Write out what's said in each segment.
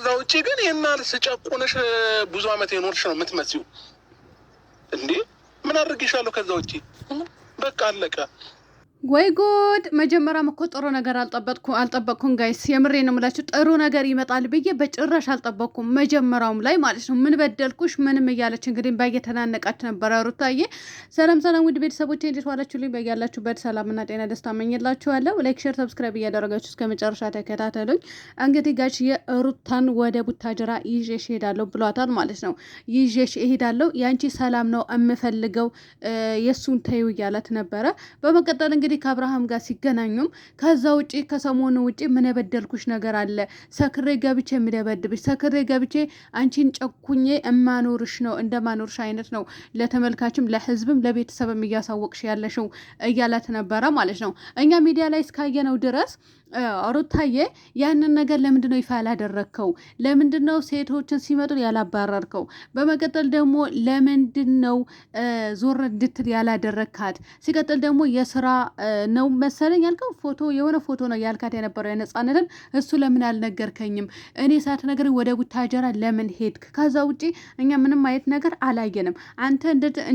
ከዛ ውጭ ግን ይህናል ስጨቁንሽ ብዙ አመት የኖርሽ ነው የምትመሲው። እንዴ ምን አድርግ ይሻለሁ? ከዛ ውጭ በቃ አለቀ። ወይ ጉድ! መጀመሪያም እኮ ጥሩ ነገር አልጠበቅኩም ጋይስ፣ የምሬ ነው የምላችሁ። ጥሩ ነገር ይመጣል ብዬ በጭራሽ አልጠበቅኩም፣ መጀመሪያውም ላይ ማለት ነው። ምን በደልኩሽ? ምንም እያለች እንግዲህ ባየተናነቃች ነበረ ሩታዬ። ሰላም ሰላም፣ ውድ ቤተሰቦች እንዴት ዋላችሁ? ዋላችሁልኝ? በያላችሁበት ሰላምና ጤና ደስታ መኝላችኋለሁ። ላይክ፣ ሼር፣ ሰብስክራይብ እያደረጋችሁ እስከ መጨረሻ ተከታተሉኝ። እንግዲህ ጋሽዬ የሩታን ወደ ቡታጅራ ይዤሽ እሄዳለሁ ብሏታል ማለት ነው። ይዤሽ እሄዳለሁ፣ ያንቺ ሰላም ነው የምፈልገው፣ የእሱን ተይው እያላት ነበረ። በመቀጠል እንግዲህ እንግዲህ ከአብርሃም ጋር ሲገናኙም ከዛ ውጪ ከሰሞኑ ውጪ ምን የበደልኩሽ ነገር አለ? ሰክሬ ገብቼ የምደበድብሽ ሰክሬ ገብቼ አንቺን ጨኩኜ እማኖርሽ ነው እንደማኖርሽ አይነት ነው ለተመልካችም ለህዝብም ለቤተሰብም እያሳወቅሽ ያለሽው እያላት ነበረ ማለት ነው። እኛ ሚዲያ ላይ እስካየነው ድረስ ሩታዬ ያንን ነገር ለምንድነው ይፋ ያላደረግከው? ለምንድነው ሴቶችን ሲመጡ ያላባረርከው? በመቀጠል ደግሞ ለምንድነው ዞር እንድትል ያላደረግካት? ሲቀጥል ደግሞ የስራ ነው መሰለኝ ያልከው ፎቶ የሆነ ፎቶ ነው ያልካት የነበረው የነጻነትን እሱ ለምን አልነገርከኝም? እኔ ነገር ወደ ቡታጀራ ለምን ሄድክ? ከዛ ውጪ እኛ ምንም አይነት ነገር አላየንም። አንተ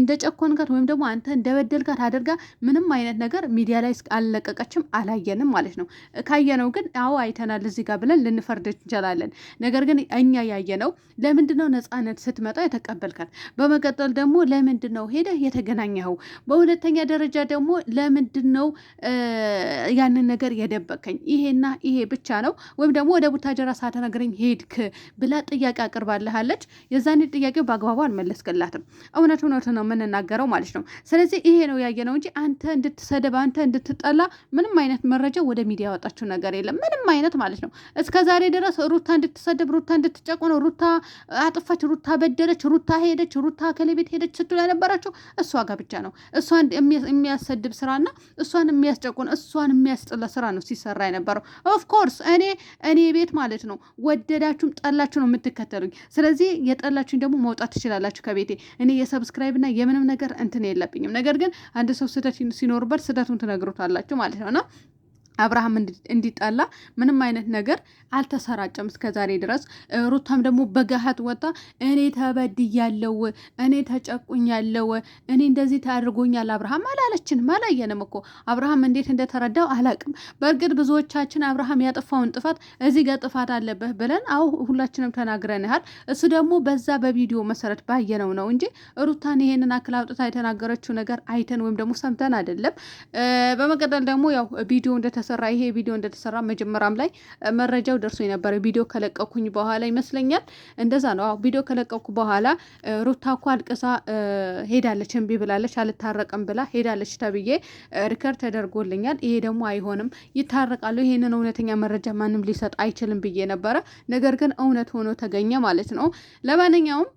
እንደጨኮንካት ወይም ደግሞ አንተ እንደበደልካት አድርጋ ምንም አይነት ነገር ሚዲያ ላይ አልለቀቀችም፣ አላየንም ማለት ነው። ካየነው ግን አዎ አይተናል እዚህ ጋር ብለን ልንፈርድ እንችላለን። ነገር ግን እኛ ያየነው ለምንድነው ነፃነት ስትመጣ የተቀበልካት? በመቀጠል ደግሞ ለምንድነው ሄደህ የተገናኘኸው? በሁለተኛ ደረጃ ደግሞ ለምንድነው ያንን ነገር የደበከኝ? ይሄና ይሄ ብቻ ነው ወይም ደግሞ ወደ ቡታጀራ ሳትነግረኝ ሄድክ ብላ ጥያቄ አቅርባልሃለች። የዛኔ ጥያቄው በአግባቡ አልመለስክላትም። እውነት እውነት ነው የምንናገረው ማለት ነው። ስለዚህ ይሄ ነው ያየነው እንጂ አንተ እንድትሰደብ አንተ እንድትጠላ ምንም አይነት መረጃ ወደ ሚዲያ ያወጣች ያደረጋችሁ ነገር የለም ምንም አይነት ማለት ነው። እስከ ዛሬ ድረስ ሩታ እንድትሰደብ፣ ሩታ እንድትጨቁን፣ ሩታ አጥፋች፣ ሩታ በደለች፣ ሩታ ሄደች፣ ሩታ ከሌቤት ሄደች ስትሉ የነበራችሁ እሷ ጋር ብቻ ነው። እሷን የሚያሰድብ ስራና እሷን የሚያስጨቁን እሷን የሚያስጥለ ስራ ነው ሲሰራ የነበረው። ኦፍኮርስ እኔ እኔ ቤት ማለት ነው ወደዳችሁም ጠላችሁ ነው የምትከተሉኝ። ስለዚህ የጠላችሁኝ ደግሞ መውጣት ትችላላችሁ ከቤቴ። እኔ የሰብስክራይብ እና የምንም ነገር እንትን የለብኝም። ነገር ግን አንድ ሰው ስህተት ሲኖርበት ስህተቱን ትነግሩታላችሁ ማለት ነው እና አብርሃም እንዲጣላ ምንም አይነት ነገር አልተሰራጨም እስከ ዛሬ ድረስ። ሩታም ደግሞ በገሀት ወጣ እኔ ተበድያለው፣ እኔ ተጨቁኛለው፣ እኔ እንደዚህ ታድርጎኛል አብርሃም አላለችንም፣ አላየንም እኮ አብርሃም እንዴት እንደተረዳው አላቅም። በእርግጥ ብዙዎቻችን አብርሃም ያጠፋውን ጥፋት እዚህ ጋር ጥፋት አለብህ ብለን አሁ ሁላችንም ተናግረንሃል። እሱ ደግሞ በዛ በቪዲዮ መሰረት ባየነው ነው እንጂ ሩታን ይሄንን አክል አውጥታ የተናገረችው ነገር አይተን ወይም ደግሞ ሰምተን አይደለም። በመቀጠል ደግሞ ያው ቪዲዮ እንደተ እንደተሰራ ይሄ ቪዲዮ እንደተሰራ መጀመሪያም ላይ መረጃው ደርሶ የነበረ ቪዲዮ ከለቀኩኝ በኋላ ይመስለኛል እንደዛ ነው። ቪዲዮ ከለቀኩ በኋላ ሩታ እኮ አልቅሳ ሄዳለች፣ እምቢ ብላለች፣ አልታረቅም ብላ ሄዳለች ተብዬ ሪከርድ ተደርጎልኛል። ይሄ ደግሞ አይሆንም፣ ይታረቃሉ፣ ይሄንን እውነተኛ መረጃ ማንም ሊሰጥ አይችልም ብዬ ነበረ። ነገር ግን እውነት ሆኖ ተገኘ ማለት ነው። ለማንኛውም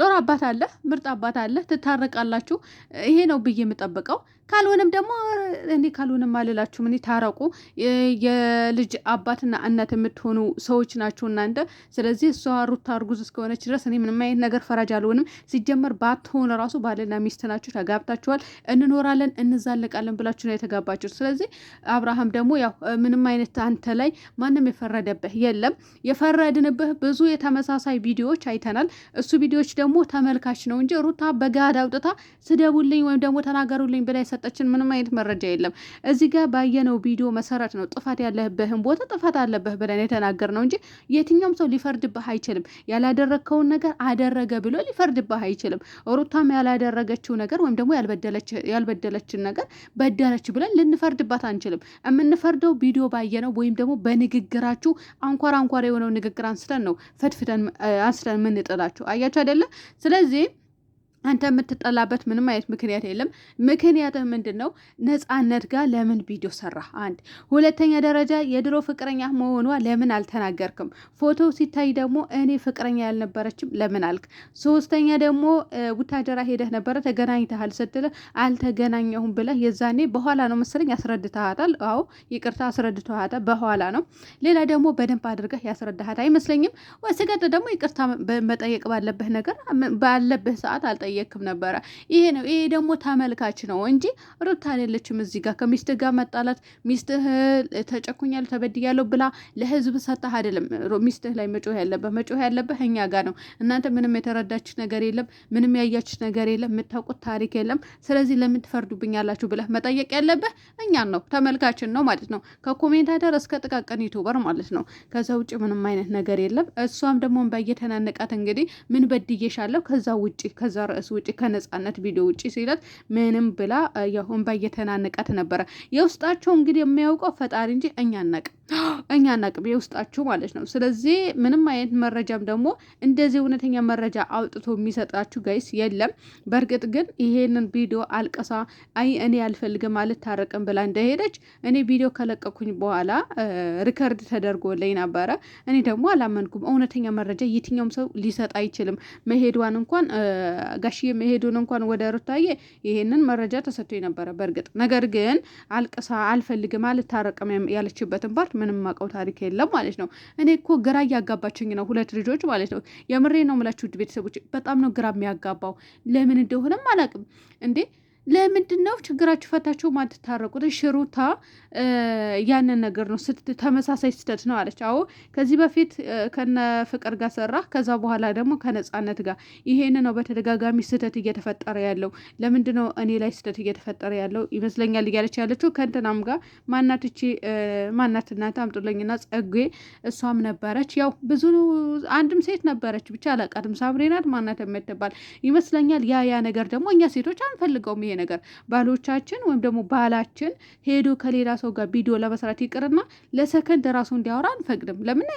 ጦር አባት አለ፣ ምርጥ አባት አለ። ትታረቃላችሁ። ይሄ ነው ብዬ የምጠብቀው። ካልሆነም ደግሞ እኔ ካልሆነም አልላችሁም። እኔ ታረቁ፣ የልጅ አባትና እናት የምትሆኑ ሰዎች ናችሁ እናንተ። ስለዚህ እሷ ሩታ እርጉዝ እስከሆነች ድረስ እኔ ምንም አይነት ነገር ፈራጅ አልሆንም። ሲጀመር ባትሆን ራሱ ባልና ሚስት ናችሁ፣ ተጋብታችኋል። እንኖራለን እንዛለቃለን ብላችሁ ነው የተጋባችሁ። ስለዚህ አብርሃም ደግሞ ያው ምንም አይነት አንተ ላይ ማንም የፈረደብህ የለም። የፈረድንብህ ብዙ የተመሳሳይ ቪዲዮዎች አይተናል። እሱ ቪዲዮዎች ደግሞ ተመልካች ነው እንጂ ሩታ በጋድ አውጥታ ስደቡልኝ ወይም ደግሞ ተናገሩልኝ ብላ የሰጠችን ምንም አይነት መረጃ የለም። እዚህ ጋር ባየነው ቪዲዮ መሰረት ነው ጥፋት ያለህበትን ቦታ ጥፋት አለብህ ብለን የተናገር ነው እንጂ የትኛውም ሰው ሊፈርድብህ አይችልም። ያላደረግከውን ነገር አደረገ ብሎ ሊፈርድብህ አይችልም። ሩታም ያላደረገችው ነገር ወይም ደግሞ ያልበደለችን ነገር በደለች ብለን ልንፈርድባት አንችልም። የምንፈርደው ቪዲዮ ባየነው ወይም ደግሞ በንግግራችሁ አንኳር አንኳር የሆነው ንግግር አንስተን ነው ፈትፍተን አንስተን የምንጥላቸው አያችሁ አይደለም። ስለዚህ አንተ የምትጠላበት ምንም አይነት ምክንያት የለም። ምክንያትህ ምንድን ነው? ነፃነት ጋር ለምን ቪዲዮ ሰራ? አንድ ሁለተኛ ደረጃ የድሮ ፍቅረኛ መሆኗ ለምን አልተናገርክም? ፎቶ ሲታይ ደግሞ እኔ ፍቅረኛ ያልነበረችም ለምን አልክ? ሶስተኛ ደግሞ ውታደራ ሄደህ ነበረ ተገናኝተሃል ስትል አልተገናኘሁም ብለህ የዛኔ በኋላ ነው መሰለኝ ያስረድተሃታል። አዎ ይቅርታ አስረድተሃታል፣ በኋላ ነው። ሌላ ደግሞ በደንብ አድርገህ ያስረድሃት አይመስለኝም። ሲቀጥል ደግሞ ይቅርታ መጠየቅ ባለብህ ነገር ባለብህ ሰዓት አልጠየቅም እየጠየክም ነበረ። ይሄ ነው ይሄ ደግሞ ተመልካች ነው እንጂ ሩታ አይደለችም። እዚህ ጋር ከሚስት ጋር መጣላት ሚስትህ ተጨኩኛል ተበድያለሁ ብላ ለህዝብ ሰጥተህ አይደለም ሚስትህ ላይ መጮህ ያለብህ። መጮህ ያለብህ እኛ ጋር ነው። እናንተ ምንም የተረዳች ነገር የለም፣ ምንም ያያች ነገር የለም፣ የምታውቁት ታሪክ የለም። ስለዚህ ለምን ትፈርዱብኛላችሁ ብለህ መጠየቅ ያለብህ እኛን ነው፣ ተመልካችን ነው ማለት ነው። ከኮሜንታተር እስከ ጥቃቅን ዩቱበር ማለት ነው። ከዛ ውጭ ምንም አይነት ነገር የለም። እሷም ደግሞ በየተናነቃት እንግዲህ ምን በድዬሻለሁ ከዛ ውጭ ከዛ ርዕስ ውጭ ከነጻነት ቪዲዮ ውጭ ሲለት ምንም ብላ ያሁን ባየተናነቀት ነበረ። የውስጣቸው እንግዲህ የሚያውቀው ፈጣሪ እንጂ እኛ አናውቅም። እኛ አናቅም የውስጣችሁ ማለት ነው። ስለዚህ ምንም አይነት መረጃም ደግሞ እንደዚህ እውነተኛ መረጃ አውጥቶ የሚሰጣችሁ ጋይስ የለም። በእርግጥ ግን ይሄንን ቪዲዮ አልቀሳ አይ እኔ አልፈልግም አልታረቅም ብላ እንደሄደች እኔ ቪዲዮ ከለቀኩኝ በኋላ ሪከርድ ተደርጎልኝ ነበረ። እኔ ደግሞ አላመንኩም። እውነተኛ መረጃ የትኛውም ሰው ሊሰጥ አይችልም። መሄዷን እንኳን ጋሽዬ መሄዱን እንኳን ወደ ሩታዬ ይሄንን መረጃ ተሰጥቶ ነበረ። በእርግጥ ነገር ግን አልቀሳ አልፈልግም አልታረቅም ያለችበትን ፓርት ምንም ማውቀው ታሪክ የለም ማለት ነው። እኔ እኮ ግራ እያጋባችኝ ነው ሁለት ልጆች ማለት ነው። የምሬ ነው የምላችሁ ውድ ቤተሰቦች፣ በጣም ነው ግራ የሚያጋባው። ለምን እንደሆነም አላውቅም እንዴ ለምንድን ነው ችግራችሁ ፈታችሁ ማትታረቁት? ሽሩታ ያንን ነገር ነው ተመሳሳይ ስህተት ነው አለች። አዎ ከዚህ በፊት ከነ ፍቅር ጋር ሰራ፣ ከዛ በኋላ ደግሞ ከነጻነት ጋር ይሄን ነው በተደጋጋሚ ስህተት እየተፈጠረ ያለው። ለምንድን ነው እኔ ላይ ስህተት እየተፈጠረ ያለው ይመስለኛል እያለች ያለችው ከእንትናም ጋር ማናት? እቺ ማናት? እናንተ አምጡልኝና ጸጉ እሷም ነበረች፣ ያው ብዙ አንድም ሴት ነበረች፣ ብቻ አላቃትም። ሳምሬናት ማናት የምትባል ይመስለኛል። ያ ያ ነገር ደግሞ እኛ ሴቶች አንፈልገውም ይሄ ነገር ባሎቻችን ወይም ደግሞ ባላችን ሄዶ ከሌላ ሰው ጋር ቪዲዮ ለመስራት ይቅርና ለሰከንድ ራሱ እንዲያወራ አንፈቅድም። ለምን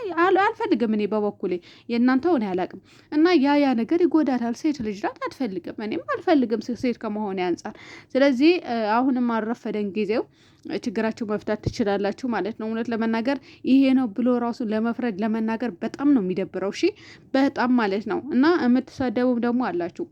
አልፈልግም። እኔ በበኩሌ የእናንተ እኔ አላቅም። እና ያ ያ ነገር ይጎዳታል። ሴት ልጅ ናት፣ አትፈልግም። እኔም አልፈልግም ሴት ከመሆን ያንጻር። ስለዚህ አሁንም አልረፈደን ጊዜው ችግራችሁ መፍታት ትችላላችሁ ማለት ነው። እውነት ለመናገር ይሄ ነው ብሎ ራሱ ለመፍረድ ለመናገር በጣም ነው የሚደብረው። እሺ በጣም ማለት ነው። እና የምትሳደቡም ደግሞ አላችሁ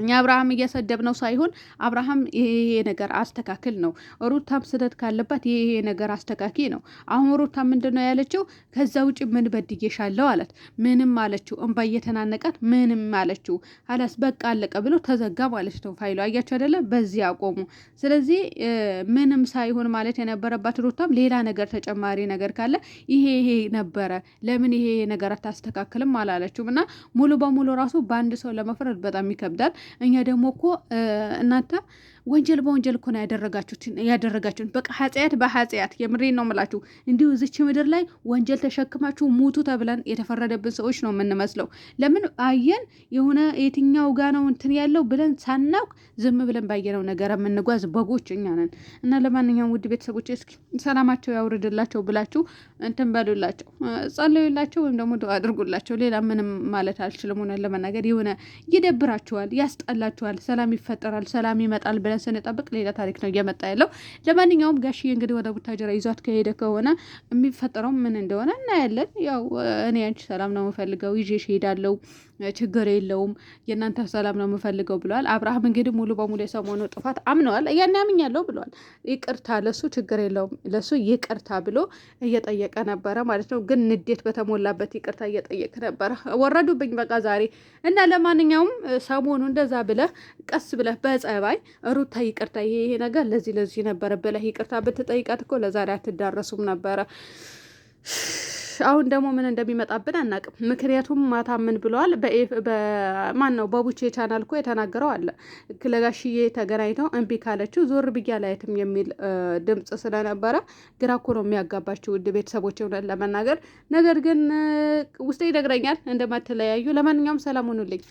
እኛ አብርሃም እየሰደብ ነው ሳይሆን አብርሃም ይሄ ነገር አስተካክል ነው። ሩታም ስህተት ካለባት ይሄ ነገር አስተካኪ ነው። አሁን ሩታ ምንድን ነው ያለችው? ከዛ ውጭ ምን በድዬሻለሁ አላት። ምንም አለችው። እንባ እየተናነቃት ምንም አለችው። አላስ በቃ አለቀ ብሎ ተዘጋ ማለት ነው ፋይሉ። አያቸው አይደለ? በዚህ አቆሙ። ስለዚህ ምንም ሳይሆን ማለት የነበረባት ሩታም ሌላ ነገር ተጨማሪ ነገር ካለ ይሄ ይሄ ነበረ፣ ለምን ይሄ ነገር አታስተካክልም አላለችውም። እና ሙሉ በሙሉ ራሱ በአንድ ሰው ለመፍረድ በጣም ይከብዳል። እኛ ደግሞ እኮ እናንተ ወንጀል በወንጀል እኮ ነው ያደረጋችሁት። በቃ ኃጢአት በኃጢአት የምሬን ነው የምላችሁ። እንዲሁ እዚች ምድር ላይ ወንጀል ተሸክማችሁ ሙቱ ተብለን የተፈረደብን ሰዎች ነው የምንመስለው። ለምን አየን የሆነ የትኛው ጋ ነው እንትን ያለው ብለን ሳናውቅ ዝም ብለን ባየነው ነገር የምንጓዝ በጎች እኛ ነን። እና ለማንኛውም ውድ ቤተሰቦች እስኪ ሰላማቸው ያውርድላቸው ብላችሁ እንትን በሉላቸው፣ ጸለዩላቸው፣ ወይም ደግሞ አድርጉላቸው። ሌላ ምንም ማለት አልችልም። ሆነ ለመናገር የሆነ ይደብራችኋል፣ ያስጠላችኋል፣ ሰላም ይፈጠራል፣ ሰላም ይመጣል ብለን ስንጠብቅ ሌላ ታሪክ ነው እየመጣ ያለው። ለማንኛውም ጋሽዬ እንግዲህ ወደ ቡታጀራ ይዟት ከሄደ ከሆነ የሚፈጠረው ምን እንደሆነ እናያለን። ያው እኔ አንቺ ሰላም ነው የምፈልገው ይዤሽ እሄዳለሁ ችግር የለውም የእናንተ ሰላም ነው የምፈልገው ብለዋል። አብርሃም እንግዲህ ሙሉ በሙሉ የሰሞኑ ጥፋት አምነዋል። ያን ያምኛለሁ ብለዋል። ይቅርታ ለሱ ችግር የለውም ለሱ ይቅርታ ብሎ እየጠየቀ ነበረ ማለት ነው። ግን ንዴት በተሞላበት ይቅርታ እየጠየቀ ነበረ። ወረዱብኝ በቃ ዛሬ እና ለማንኛውም ሰሞኑ እንደዛ ብለህ ቀስ ብለህ በጸባይ ሩታ ይቅርታ ይሄ ይሄ ነገር ለዚህ ለዚህ ነበረ ብለህ ይቅርታ ብትጠይቃት እኮ ለዛሬ አትዳረሱም ነበረ። አሁን ደግሞ ምን እንደሚመጣብን አናቅም። ምክንያቱም ማታ ምን ብለዋል? ማን ነው በቡቼ ቻናል እኮ የተናገረው አለ ክለጋሽዬ ተገናኝተው እምቢ ካለችው ዞር ብያ ላየትም የሚል ድምፅ ስለነበረ ግራ እኮ ነው የሚያጋባችው ውድ ቤተሰቦች እውነት ለመናገር ነገር ግን ውስጤ ይነግረኛል እንደማትለያዩ። ለማንኛውም ሰላም ሁኑልኝ።